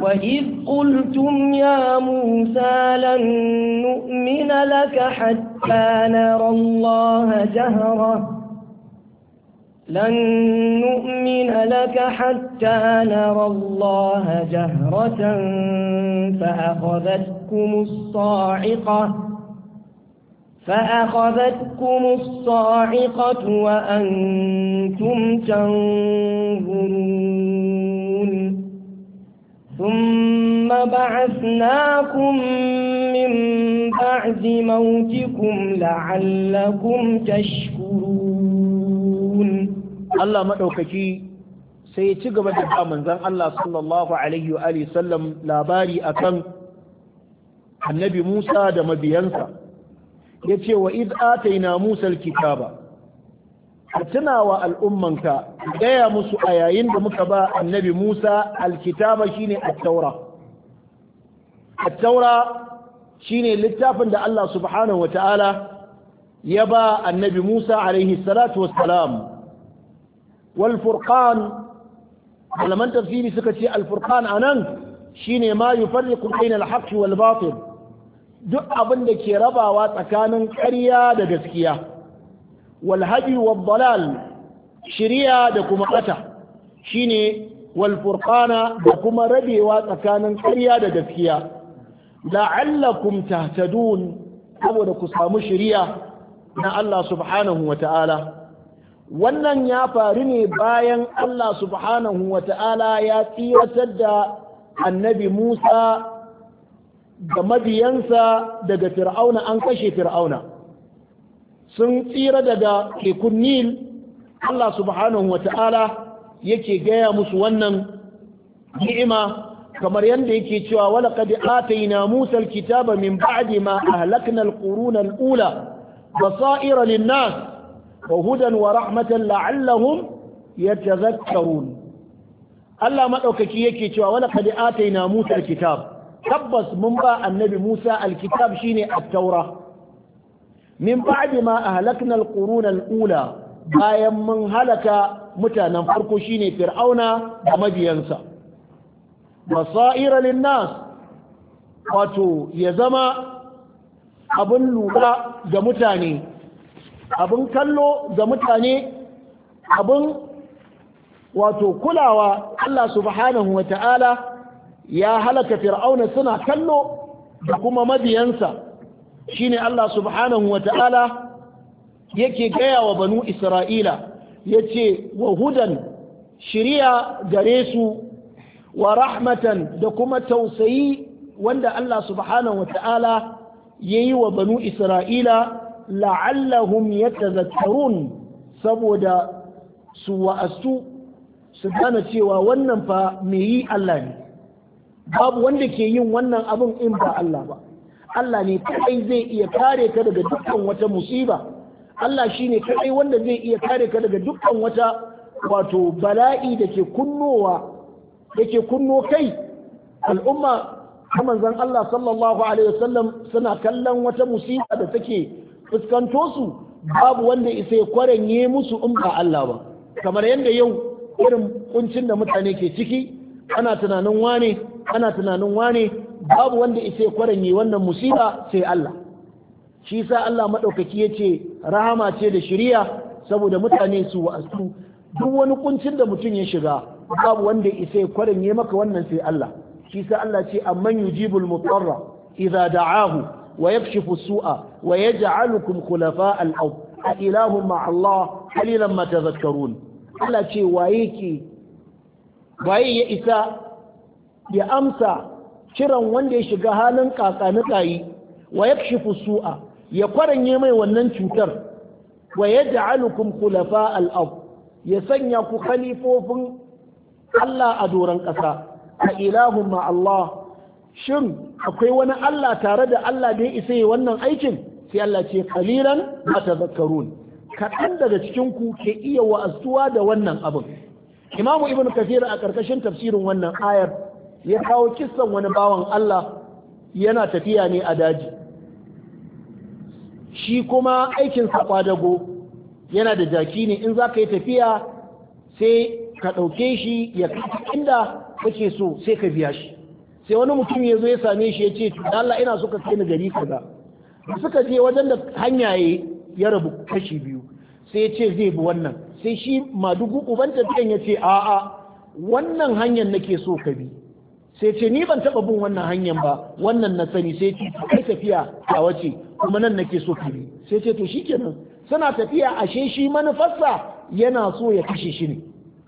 وإذ قلتم يا موسى لن نؤمن لك حتى نرى الله جهرة لن نؤمن لك حتى نرى الله جهرة فأخذتكم الصاعقة فأخذتكم الصاعقة وأنتم تنظرون ثم بعثناكم من بعد موتكم لعلكم تشكرون الله مدوكي sai ci gaba da ba manzon Allah sallallahu alaihi wa sallam labari akan annabi Musa da mabiyansa ya ce wa iz ataina musa alkitaba ka tuna wa al'ummanka gaya musu a yayin da muka ba annabi musa alkitaba shine Attaura taura shine littafin da Allah subhanahu Ta'ala ya ba annabi musa alaihi salatu wassalam Walfurkan malaman tafsiri suka ce Alfurkan anan shine ma yufarriqu bainal haqqi wal batil duk abin da ke rabawa tsakanin ƙarya da gaskiya wal hadi wal da kuma ƙata shine wal da kuma rabewa tsakanin ƙarya da gaskiya la'allakum tahtadun saboda ku samu shiriya na Allah subhanahu wa ta'ala wannan ya faru ne bayan Allah subhanahu wa ta'ala ya tsiratar da annabi Musa da mabiyansa daga fir'auna an kashe fir'auna sun tsira daga tekun nil Allah subhanahu wa ta'ala yake gaya musu wannan ni'ima kamar yadda yake cewa wala qad atayna musa alkitaba min ba'di ma ahlakna alquruna alula basaira linnas wa hudan wa rahmatan la'allahum yatadhakkarun Allah madaukaki yake cewa wala qad atayna musa alkitaba tabbas mun ba annabi Musa alkitab shine at-taura min ba'di ma ahlakna al-quruna al-ula bayan mun halaka mutanen farko shine fir'auna da mabiyansa basaira lin-nas wato ya zama abin lura ga mutane abin kallo ga mutane abin wato kulawa Allah subhanahu wa ta'ala ya halaka fir'auna suna kallo da kuma mabiyansa shine Allah subhanahu wa ta'ala yake gaya wa banu isra'ila yace wa hudan shiriya gare su wa rahmatan da kuma tausayi wanda Allah subhanahu wa ta'ala yayi wa banu isra'ila la'allahum yatazakkarun saboda su wa'astu su gane cewa wannan fa me yi Allah ne babu wanda ke yin wannan abun in ba Allah ba Allah ne kadai zai iya kare ka daga dukkan wata musiba Allah shi ne kadai wanda zai iya kare ka daga dukkan wata wato bala'i da ke kunnowa yake kunno kai al'umma ta manzan Allah sallallahu alaihi wasallam suna kallon wata musiba da take fuskanto su babu wanda isa ya kwaranye musu in ba Allah ba kamar yadda yau irin kuncin da mutane ke ciki ana tunanin wane ana tunanin wane babu wanda isa kwaranye wannan musiba sai Allah shi sa Allah ya yace rahama ce da shiriya saboda mutane su wa'azu duk wani kuncin da mutum ya shiga babu wanda isa kwaranye maka wannan sai Allah shi sa Allah ce amman yujibul mutarra idza da'ahu wa yakshifu su'a wa yaj'alukum khulafa al-ard a ilahum Allah qalilan ma tadhakkarun Allah ce waye ke waye ya isa ya amsa kiran wanda ya shiga halin na kayi wa yakshifu su'a ya kwaranye mai wannan cutar wa yaj'alukum alukun kulafa ard ya sanya ku khalifofin Allah a doron ƙasa a ilahun ma Allah shin akwai wani Allah tare da Allah da ya isa yi wannan aikin sai Allah ce kalilan a ta zakarun kaɗan daga cikin ku ke iya wa'azuwa da wannan abin imamu ibn kafir a ƙarƙashin tafsirin wannan ayar ya kawo kissan wani bawan Allah yana tafiya ne a daji shi kuma aikin sakwa kwadago yana da jaki ne in za ka yi tafiya sai ka ɗauke shi ya kafa inda kake so sai ka biya shi sai wani mutum ya zo ya same shi ya ce Allah ina so ka kai ni gari kaza suka je wajen da hanyaye ya rabu kashi biyu sai ya ce zai bi wannan sai shi madugu uban tafiyan ya ce a'a wannan hanyar nake so ka bi sai ce ni ban taba bin wannan hanyar ba wannan na sani sai ce kai tafiya a wace kuma nan nake so kiri sai ce to shikenan suna tafiya ashe shi manufarsa yana so ya kashe shi ne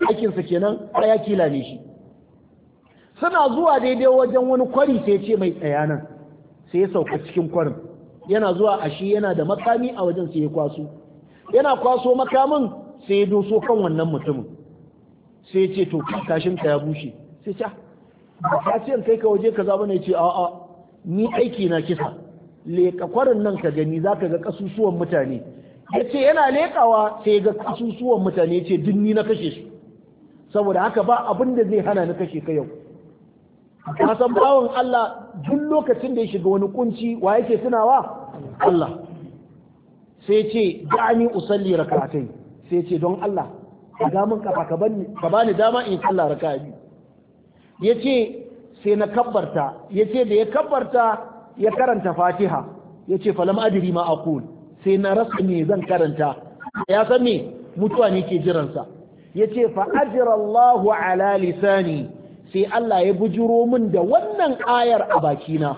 aikinsa kenan ya kila ne shi suna zuwa daidai wajen wani kwari sai ce mai tsaya nan sai ya sauka cikin kwarin yana zuwa ashe yana da makami a wajen sai ya kwaso yana kwaso makamin sai ya doso kan wannan mutumin sai ce to ka ya bushe sai ce ah, ba ce kai ka waje ka zaba ya ce a'a ni aiki na kisa leka kwarin nan ka gani zaka ga kasusuwan mutane ya ce yana lekawa sai ga kasusuwan mutane ya ce duk ni na kashe su saboda haka ba abin da zai hana ni kashe ka yau ka san bawan Allah duk lokacin da ya shiga wani kunci wa yake tunawa Allah sai ce da'ani usalli rak'atayn sai ce don Allah ka ga mun kafa ka bani dama in sallah raka'a biyu ya ce sai na kabbarta ya ce da ya kabbarta ya karanta fatiha ya ce falam adiri ma akul sai na rasa me zan karanta ya san me mutuwa ne ke jiransa ya ce fa ajirallahu ala lisani sai Allah ya bujiro min da wannan ayar a bakina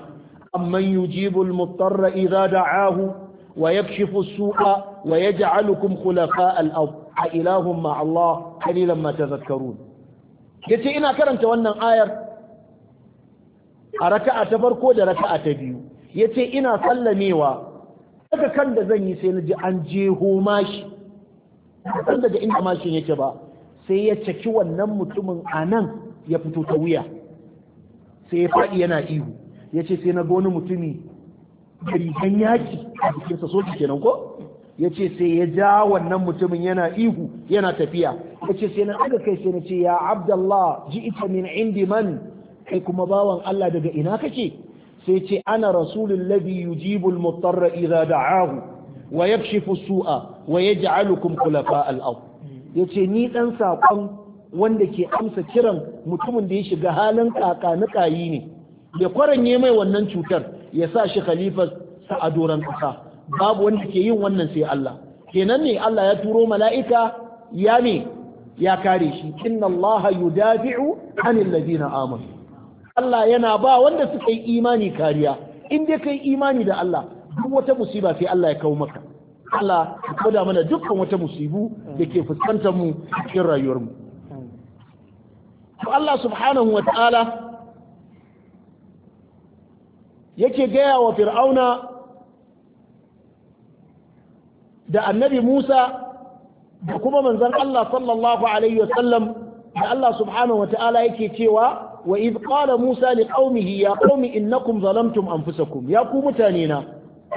amma yujibul mutarra idza da'ahu wa yakshifu su'a wa yaj'alukum khulafa al-ard a ilahum ma Allah qalilan ma tadhakkarun yace ina karanta wannan ayar a raka'a ta farko da raka'a ta biyu yace ina sallamewa daga kan da zan yi sai na ji an jeho mashi kan daga inda mashin yake ba sai ya caki wannan mutumin a nan ya fito ta wuya sai ya faɗi yana ihu ya sai na ga wani mutumi da rigan yaki a jikinsa soji kenan ko Yace ce sai ya ja wannan mutumin yana ihu yana tafiya Yace ce sai na daga kai sai na ce ya abdallah ita min indi man kai kuma bawan Allah daga ina kake sai ce ana rasulun ladhi yujibu al-muttarra idza da'ahu wa yakshifu su'a wa yaj'alukum khulafa al-ard yace ni dan sakon wanda ke amsa kiran mutumin da ya shiga halin kaka na kayi ne ya kwaranye mai wannan cutar ya sa shi khalifa sa a doron kasa babu wanda ke yin wannan sai Allah kenan ne Allah ya turo mala'ika ya ne ya kare shi inna allaha yudafi'u anil ladina amanu Allah yana ba wanda suka yi imani kariya in dai kai imani da Allah duk wata musiba sai Allah ya kawo maka Allah ya mana dukkan wata musibu da ke fuskantar mu cikin rayuwar mu to Allah subhanahu wata'ala yake gaya wa fir'auna da annabi Musa da kuma manzon Allah sallallahu alaihi wasallam da Allah subhanahu ta'ala yake cewa wa idh qala Musa li qaumihi ya qaumi innakum zalamtum anfusakum ya ku mutane na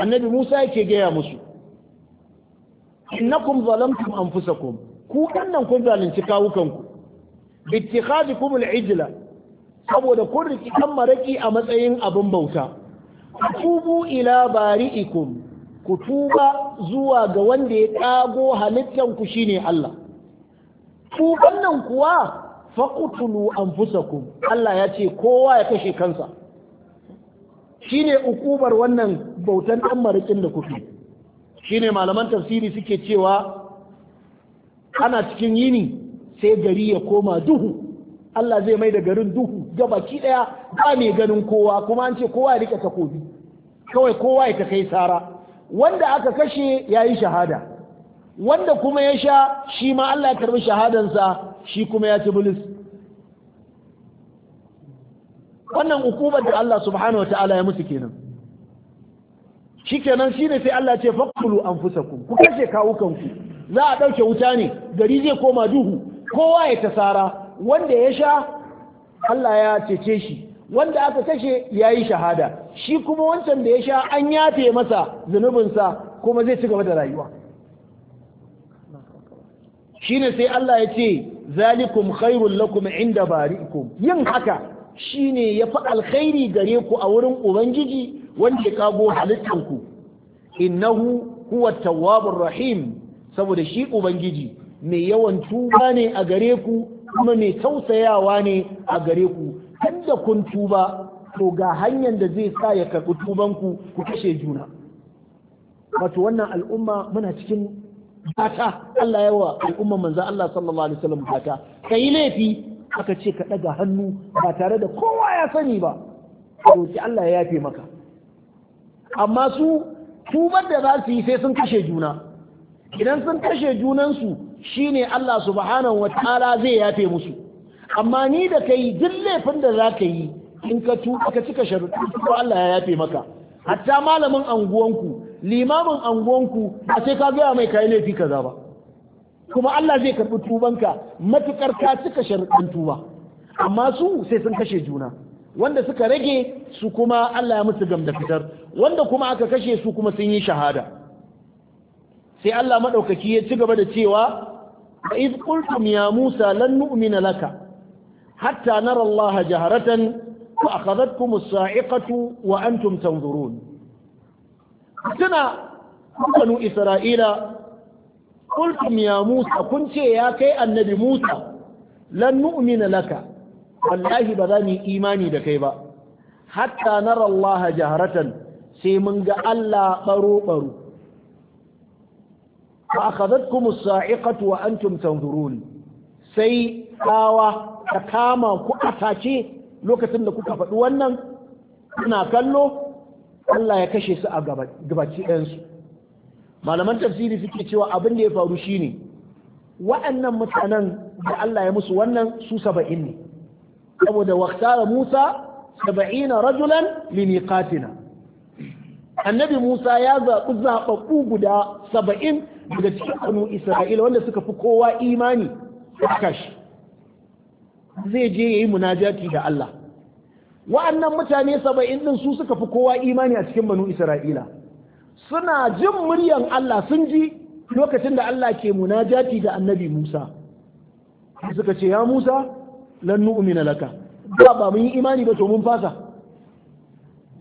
annabi Musa yake gaya musu innakum zalamtum anfusakum ku dannan kun zalunci kawukanku bittikhadikum al-ijla saboda kun riki kan maraki a matsayin abin bauta tubu ila bari'ikum ku tuba zuwa ga wanda ya ƙago halittanku shine Allah tuban nan kuwa faqtulu anfusakum Allah ya ce kowa ya kashe kansa shine ukubar wannan bautan dan marikin da kuke shine malaman tafsiri suke cewa ana cikin yini sai gari ya koma duhu Allah zai mai da garin duhu baki ɗaya ba mai ganin kowa kuma an ce kowa ya rika takobi kawai kowa ya ta kai sara wanda aka kashe ya yi shahada wanda kuma ya sha shi ma Allah ya karbi shahadansa shi kuma ya ci bilis wannan hukumar da Allah subhanahu wa ta'ala ya mutu kenan shi kenan shi ne sai Allah ce fakulu an fusa ku ku kashe kawukanku za a ɗauke wuta ne gari zai koma duhu kowa ya tasara wanda ya sha Allah ya cece shi wanda aka kashe ya yi shahada shi kuma wancan da ya sha an yafe masa zunubinsa kuma zai ci gaba da rayuwa Shi ne sai Allah ya ce zalikum khairul lakum inda bari'ikum yin haka shi ne ya fi alkhairi gare ku a wurin ubangiji wanda ya kago halittanku ku innahu huwa tawwabur rahim saboda shi ubangiji mai yawan tuba ne a gare ku kuma mai tausayawa ne a gare ku Kada kun tuba to ga hanyar da zai sa ya karɓi tubanku ku kashe juna wato wannan al'umma muna cikin bata Allah yawa al'umma manzo Allah sallallahu alaihi wasallam bata kai laifi aka ce ka daga hannu ba tare da kowa ya sani ba to sai Allah ya yafe maka amma su tubar da za su yi sai sun kashe juna idan sun kashe junansu shine Allah subhanahu wataala zai yafe musu amma ni da kai duk laifin da za ka yi in ka tuba ka cika sharuɗin ko Allah ya yafe maka hatta malamin anguwanku limamin anguwanku ba sai ka gaya mai kai laifi kaza ba kuma Allah zai karɓi tubanka matukar ka cika sharuɗin tuba amma su sai sun kashe juna wanda suka rage su kuma Allah ya musu gamda fitar wanda kuma aka kashe su kuma sun yi shahada sai Allah madaukaki ya ci gaba da cewa fa iz qultum ya Musa lan nu'mina laka hatta nara Allah jaharatan fa akhadhatkum as-sa'iqatu wa antum tanzurun tuna banu isra'ila qultum ya musa kun ce ya kai annabi musa lan nu'mina laka wallahi ba za mu imani da kai ba hatta nara Allah jaharatan sai mun ga Allah baro baro fa akhadhatkum as-sa'iqatu wa antum tanzurun sai kawa ta kama ku a sace lokacin da kuka faɗi wannan kuna kallo Allah ya kashe su a gabaci ɗansu malaman tafsiri suke cewa abin da ya faru shine waɗannan mutanen da Allah ya musu wannan su saba'in ne saboda waktara Musa saba'ina rajulan limiqatina annabi Musa ya zaɓi zaɓaɓɓu guda saba'in daga cikin Isra'ila wanda suka fi kowa imani a shi zai je yi munajati da Allah wa'annan mutane saba'in din su suka fi kowa imani a cikin banu Isra'ila suna jin muryan Allah sun ji lokacin da Allah ke munajati da annabi Musa suka ce ya Musa lan nu'mina laka ba ba mun yi imani ba to mun fasa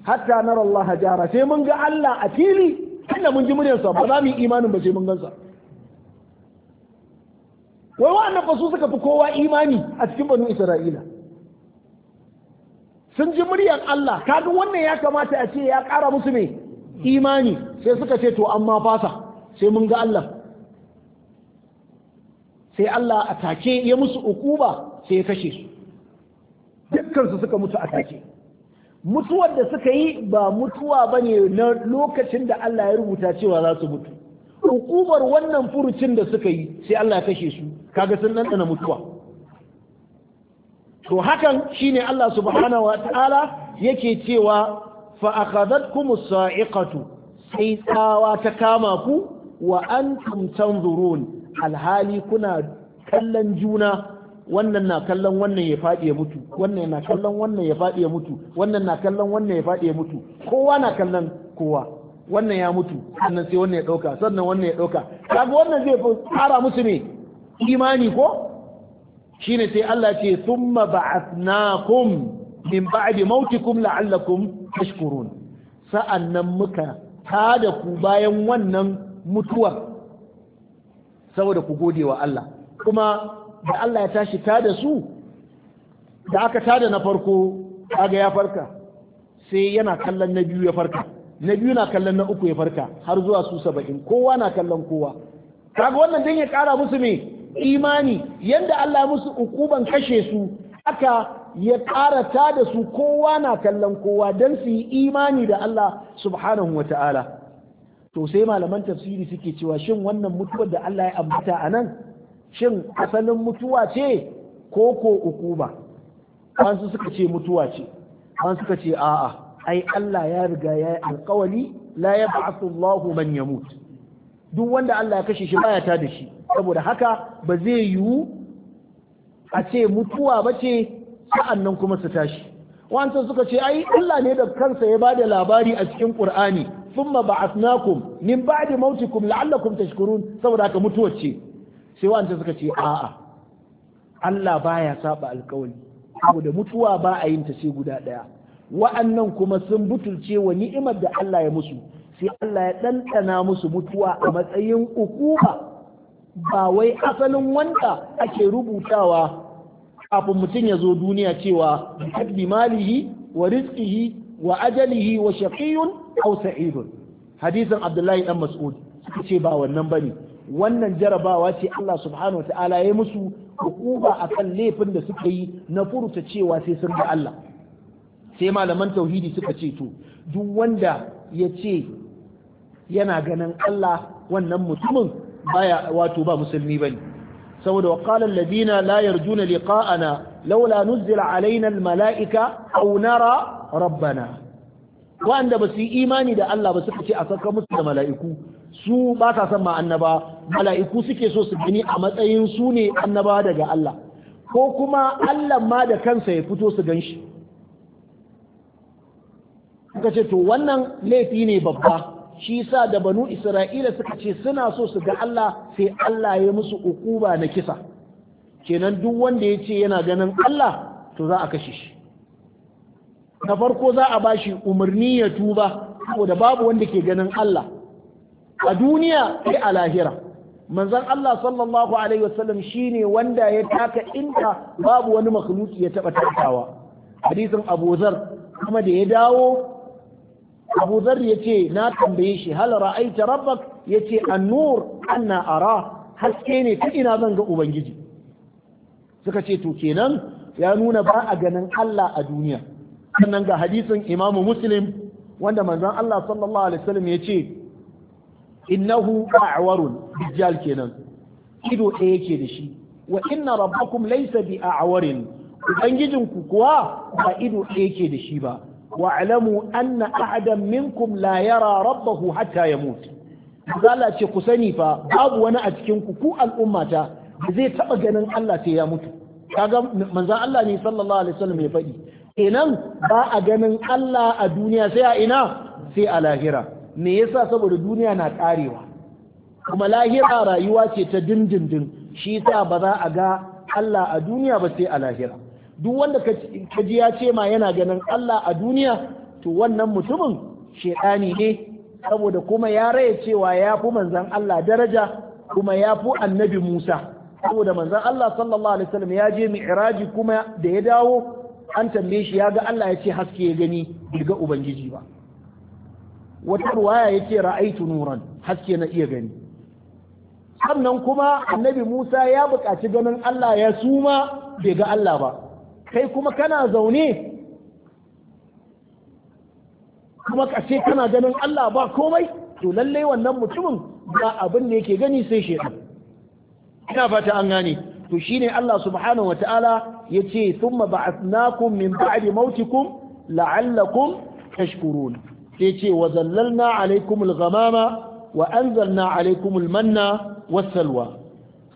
hatta nara Allah jara sai mun ga Allah a fili inda mun ji muryarsa ba za mu yi imanin ba sai mun gansa wai wa'annan fa su suka fi kowa imani a cikin banu isra'ila sun ji muryar Allah kaga wannan ya kamata a ce ya kara musu mai imani sai suka ce to amma fasa sai mun ga Allah sai Allah a take ya musu ukuba sai ya kashe su dukkan suka mutu a take mutuwar da suka yi ba mutuwa bane na lokacin da Allah ya rubuta cewa za su mutu hukumar wannan furucin da suka yi sai Allah ya kashe su kaga sun nan mutuwa to hakan shine Allah subhanahu wataala yake cewa fa akhadhatkumus sa'iqatu sai tsawa ta kama ku wa antum tanzurun alhali kuna kallon juna wannan na kallon wannan ya faɗi ya mutu wannan na kallon wannan ya faɗi ya mutu wannan na kallon wannan ya faɗi ya mutu kowa na kallon kowa wannan ya mutu sannan sai wannan ya ɗauka sannan wannan ya ɗauka kaga wannan zai fi musu ne imani ko shine sai Allah ce thumma ba'athnakum min ba'di mautikum la'allakum tashkurun sa'annan muka tada ku bayan wannan mutuwar saboda ku gode wa Allah kuma da Allah ya tashi tada su da aka tada na farko kaga ya farka sai yana kallon na biyu ya farka na biyu na kallon na uku ya farka har zuwa su saba'in kowa na kallon kowa kaga wannan dan ya kara musu me imani yanda Allah musu ukuban kashe su aka ya kara ta da su kowa na kallon kowa dan su yi imani da Allah subhanahu wata'ala to sai malaman tafsiri suke cewa shin wannan mutuwar da Allah ya ambata a nan shin asalin mutuwa ce ko ko ukuba wasu suka ce mutuwa ce wasu suka ce a'a ai Allah ya riga ya yi alkawali la ya Allahu man yamut duk wanda Allah ya kashe shi baya ta da shi saboda haka ba zai yiwu a ce mutuwa ba ce sa'an nan kuma su tashi wancan suka ce ai Allah ne da kansa ya bada labari a cikin Qur'ani thumma ba'athnakum min ba'di mautikum la'allakum tashkurun saboda haka mutuwa ce sai wancan suka ce a'a Allah baya saba alkawali saboda mutuwa ba a yin ta sai guda daya wa'annan kuma sun butulce wa ni'imar da Allah ya musu sai Allah ya ɗanɗana musu mutuwa a matsayin ukuba ba wai asalin wanda ake rubutawa kafin mutum ya zo duniya cewa bi malihi wa rizqihi wa ajalihi wa shaqiyun aw sa'idun hadisin Abdullahi dan Mas'ud suka ce ba wannan bane wannan jarabawa ce Allah subhanahu wa ta'ala ya musu ukuba akan laifin da suka yi na furta cewa sai sun ga Allah sai malaman tauhidi suka ce to duk wanda ya ce yana ganin Allah wannan mutumin baya wato ba musulmi bane saboda wa qala alladhina la yarjuna liqa'ana laula nuzila alaina almala'ika aw nara rabbana wanda ba su yi imani da Allah ba suka ce a saka musu da mala'iku su ba sa son ma annaba mala'iku suke so su gani a matsayin su ne annaba daga Allah ko kuma Allah ma da kansa ya fito su gan shi suka ce to wannan laifi ne babba shi sa da banu isra'ila suka ce suna so su ga Allah sai Allah ya musu ukuba na kisa kenan duk wanda ya ce yana ganin Allah to za a kashe shi na farko za a bashi umarni ya tuba saboda babu wanda ke ganin Allah a duniya sai a lahira manzon Allah sallallahu alaihi wasallam shine wanda ya taka inda babu wani makhluki ya taba takawa hadisin Abu Zar kuma da ya dawo abu zar ya ce na tambaye shi hal ra'aita rabbak ya ce annur anna ara haske ne ta ina zan ga ubangiji suka ce to kenan ya nuna ba a ganin Allah a duniya sannan ga hadisin imamu muslim wanda manzon Allah sallallahu alaihi wasallam ya ce innahu a'warun dijjal kenan ido ɗaya ke da shi wa inna rabbakum laysa bi a'warin ubangijinku kuwa ba ido ɗaya yake da shi ba wa'lamu anna ahadan minkum la yara rabbahu hatta yamut Allah ce ku sani fa babu wani a cikin ku ku al'ummata zai taba ganin Allah sai ya mutu kaga manzon Allah ne sallallahu alaihi wasallam ya faɗi inan ba a ganin Allah a duniya sai a ina sai a lahira me yasa saboda duniya na karewa kuma lahira rayuwa ce ta dindindin shi yasa ba za a ga Allah a duniya ba sai a lahira duk wanda ka ji ya ce ma yana ganin Allah a duniya to wannan mutumin shedani ne saboda kuma ya raya cewa ya fi manzan Allah daraja kuma ya fi annabi Musa saboda manzan Allah sallallahu alaihi wasallam ya je mi'raji kuma da ya dawo an tambaye shi ya ga Allah ya ce haske ya gani daga ubangiji ba wata ruwaya ya ce ra'aitu nuran haske na iya gani sannan kuma annabi Musa ya buƙaci ganin Allah ya suma bai ga Allah ba kai kuma kana zaune kuma kashe kana ganin Allah ba komai to lallai wannan mutumin ba abin ne yake gani sai shaitan ina fata an gane to shine Allah subhanahu wataala yace thumma ba'athnakum min ba'di mautikum la'allakum tashkurun sai ce wa zallalna alaikum al-ghamama wa anzalna alaikum al-manna was-salwa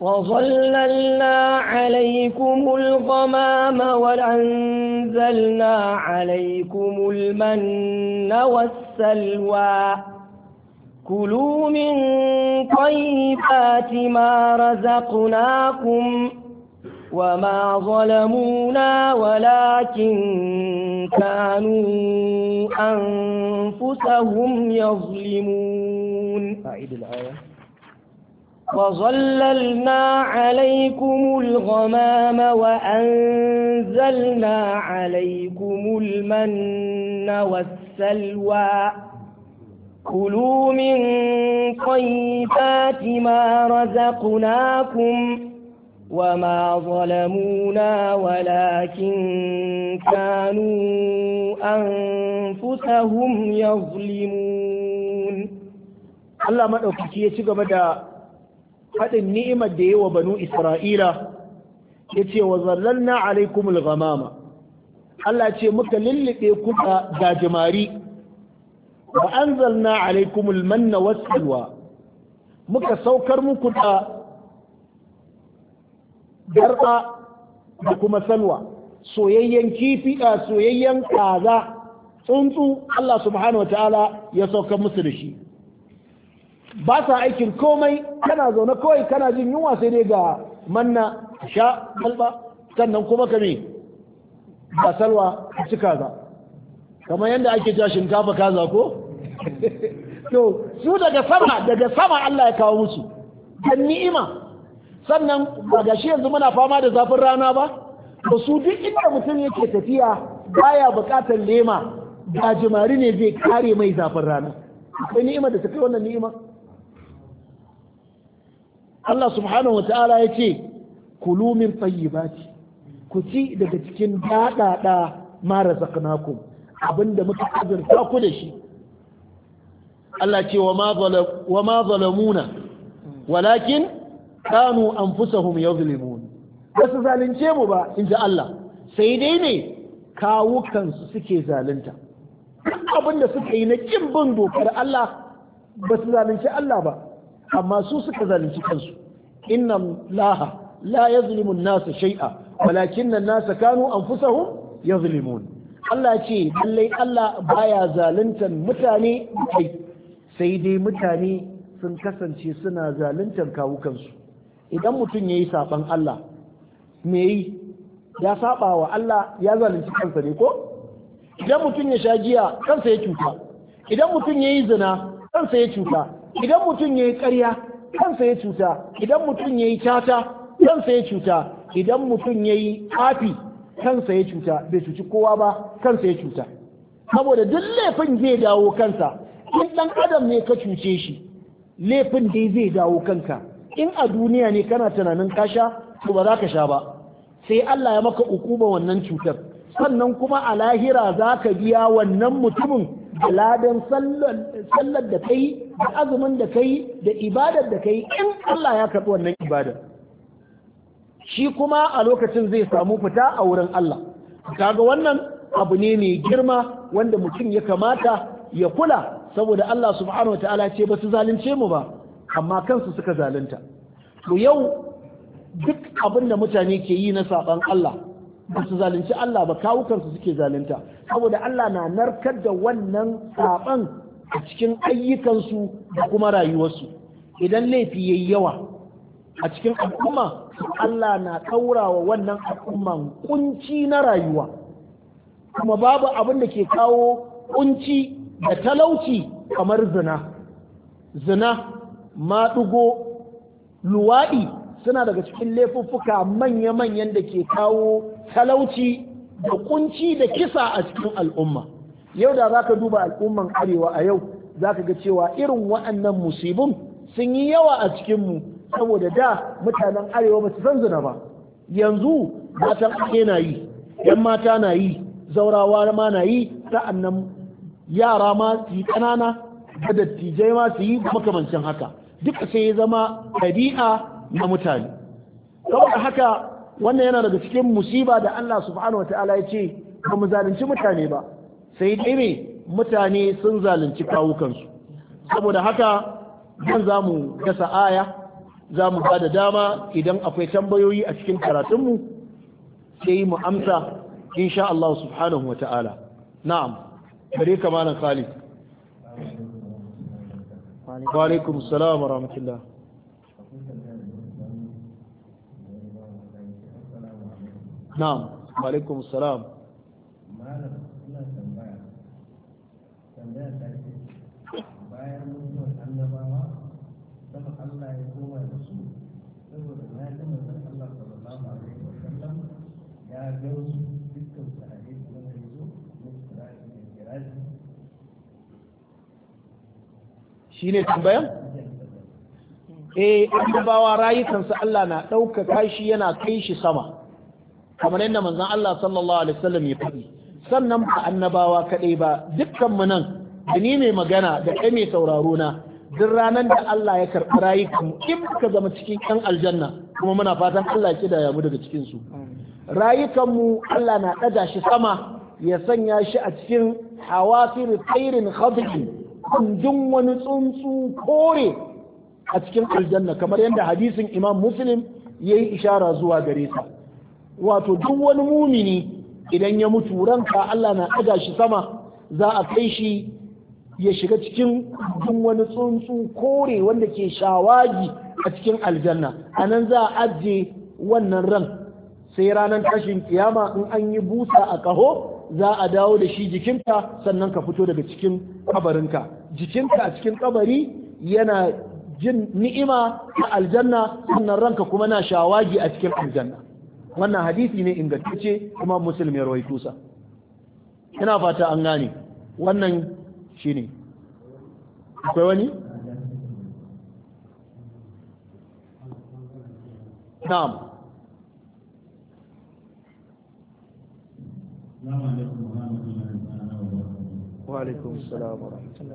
وظللنا عليكم الغمام وأنزلنا عليكم المن والسلوى كلوا من طيبات ما رزقناكم وما ظلمونا ولكن كانوا أنفسهم يظلمون أعيد الآية وظللنا عليكم الغمام وأنزلنا عليكم المن والسلوى كلوا من طيبات ما رزقناكم وما ظلمونا ولكن كانوا أنفسهم يظلمون الله ما أكتشف بدا haɗin ni'imar da yawa banu isra'ila ya ce wa zallalna alaikumul ghamama Allah ce muka lullube ku da gajimari wa anzalna alaikumul manna wasalwa muka saukar muku da garba da kuma salwa soyayyen kifi da soyayyen kaza tsuntsu Allah subhanahu ta'ala ya saukar musu da shi ba sa aikin komai kana zaune kawai kana jin yunwa sai dai ga manna sha balba sannan kuma ka me ba salwa cika kaza kamar yadda ake ja shinkafa kaza ko (laughs) to su daga sama daga sama Allah ya kawo musu dan ni'ima sannan ba ga shi yanzu muna fama da zafin rana ba to su duk inda mutum yake tafiya baya buƙatar lema jimari ne zai kare mai zafin rana akwai ni'ima da ta kai wannan ni'ima Allah subhanahu wa ta'ala ya ce kulu min tayyibati ku ci daga cikin daɗaɗa mara zakanakum abinda muka azurta ku da shi Allah ce wa ma zalamuna walakin kanu anfusahum yuzlimun wasu zalunce mu ba in ji Allah sai dai ne kawukansu suke zalunta abinda suka yi na kin bin dokar Allah ba su zalunci Allah ba amma su suka zalunci kansu inna laha la yazlimu an-nasa shay'a walakin an-nasa kanu anfusahum yazlimun Allah ce lallai Allah baya zaluntar mutane sai dai mutane sun kasance suna zaluntar kawukansu idan mutum yayi saban Allah me yi ya saba wa Allah ya zalunci kansa ne ko idan mutum ya sha giya kansa ya cuta idan mutum ya yi zina kansa ya cuta idan mutum ya yi ƙarya kansa ya cuta idan mutum ya yi cata kansa ya cuta idan mutum ya yi kafi kansa ya cuta bai cuci kowa ba kansa ya cuta saboda duk laifin zai dawo kansa in ɗan adam ne ka cuce shi laifin dai zai dawo kanka in a duniya ne kana tunanin sha to ba za ka sha ba sai Allah ya maka ukuba wannan cutar sannan kuma a lahira za ka biya wannan mutumin da ladan sallar da ta yi da azumin da kai da ibadar da kai in Allah ya karɓi wannan ibada. shi kuma a lokacin zai samu fita a wurin Allah kaga wannan abu ne mai girma wanda mutum ya kamata ya kula saboda Allah subhanahu wa ta'ala ce ba su zalunce mu ba amma kansu suka zalunta to yau duk abin da mutane ke yi na saban Allah ba su zalunci Allah ba kawukansu suke zalunta saboda Allah na narkar da wannan saban a cikin ayyukansu da kuma rayuwarsu idan laifi yayi yawa a cikin al'umma Allah na wa wannan al'umman kunci na rayuwa kuma babu abin da ke kawo kunci da talauci kamar zina zina maɗugo luwaɗi suna daga cikin laifuffuka manya-manyan da ke kawo talauci da kunci da kisa a cikin al'umma yau da za ka duba al'umman arewa a yau za ka ga cewa irin wa'annan musibin sun yi yawa a cikinmu saboda da mutanen arewa ba su san zina ba yanzu matan ake na yi yan mata na yi zaurawa ma na yi sa'annan yara ma su yi ƙanana da dattijai ma su yi makamancin haka duka sai ya zama ɗabi'a na mutane saboda haka wannan yana daga cikin musiba da Allah subhanahu Ta'ala ya ce ba mu zalunci mutane ba sai dai ne mutane sun zalunci kawukansu saboda haka zan za mu gasa aya za mu ba da dama idan akwai tambayoyi a cikin karatunmu sai mu amsa insha Allah subhanahu wa ta'ala na'am bare Malam khalid wa alaikum salam wa rahmatullah na'am wa alaikum salam tambaya ta ce bayan mutuwar annabawa sama Allah ya koma da su saboda na ji manzon Allah sallallahu alaihi wa sallam ya ga su dukkan sahabi da suka yi zo mutsiraji da kiraji shi ne tambayan? eh annabawa rayukansu Allah na ɗaukaka shi yana kai shi sama kamar yadda manzon Allah sallallahu alaihi wasallam ya faɗi sannan ba annabawa kaɗai ba dukkan mu nan da ni mai magana da kai mai sauraro na duk ranar da Allah ya karɓi mu, in muka zama cikin ƴan aljanna kuma muna fatan Allah ya kidaya mu daga cikin su rayukan mu Allah na ɗaga shi sama ya sanya shi a cikin hawasir tsairin khadri jin wani tsuntsu kore a cikin aljanna kamar yadda hadisin Imam Muslim yayi ishara zuwa gare sa wato duk wani mumini idan ya mutu ranka Allah na ɗaga shi sama za a kai shi ya shiga cikin duk wani tsuntsu kore wanda ke shawagi a cikin aljanna a nan za a ajiye wannan ran sai ranar tashin kiyama in an yi busa a kaho za a dawo da shi jikinka sannan ka fito daga cikin kabarinka jikinka a cikin kabari yana jin ni'ima a aljanna sannan ranka kuma na shawagi a cikin aljanna wannan hadisi ne ingantacce kuma musulmi ya rawaito sa ina fata an gane wannan shine akwai wani na'am wa rahmatullahi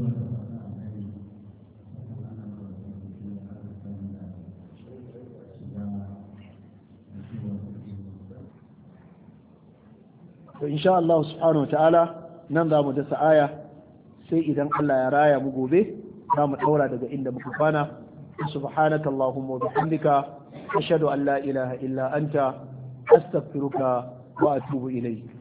wa to insha Allah subhanahu wa ta'ala nan za mu dasa aya sai idan Allah ya raya mu gobe za mu daura daga inda muka kwana subhanaka allahumma wa bihamdika ashhadu an la ilaha illa anta astaghfiruka wa atubu ilayk